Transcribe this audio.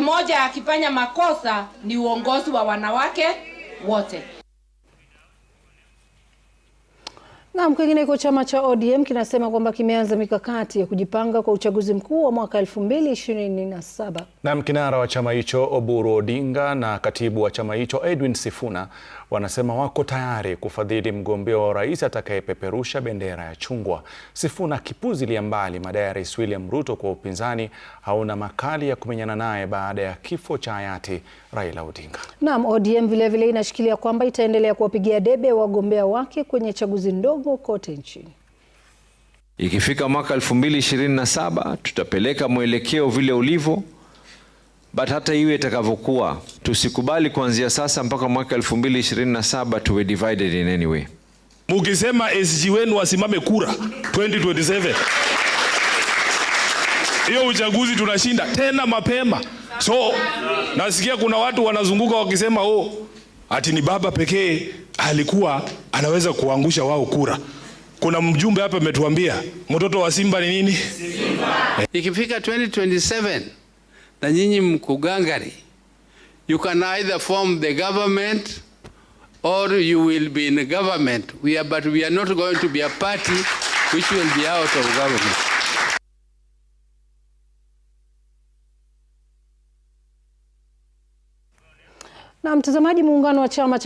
moja akifanya makosa ni uongozi wa wanawake wote. Naam, kwingineko chama cha ODM kinasema kwamba kimeanza mikakati ya kujipanga kwa uchaguzi mkuu wa mwaka 2027. Naam, kinara wa chama hicho Oburu Odinga na katibu wa chama hicho Edwin Sifuna wanasema wako tayari kufadhili mgombea wa urais atakayepeperusha bendera ya chungwa. Sifuna akipuzilia mbali madai ya Rais William Ruto kwa upinzani hauna makali ya kumenyana naye baada ya kifo cha hayati Raila Odinga. Naam, ODM vilevile inashikilia kwamba itaendelea kuwapigia debe wagombea wake kwenye chaguzi ndogo karibu kote nchini. Ikifika mwaka 2027 tutapeleka mwelekeo vile ulivyo, but hata iwe itakavyokuwa, tusikubali kuanzia sasa mpaka mwaka 2027 tuwe divided in any way. Mukisema SG wenu wasimame kura 2027 hiyo uchaguzi tunashinda tena mapema. So nasikia kuna watu wanazunguka wakisema, oh, ati ni baba pekee alikuwa anaweza kuangusha wao kura. Kuna mjumbe hapa ametuambia mtoto wa Simba ni nini? Simba. Ikifika 2027 na nyinyi mkugangari, you can either form the government or you will be in government. We are, but we are not going to be a party which will be out of government. Na mtazamaji, muungano wa chama cha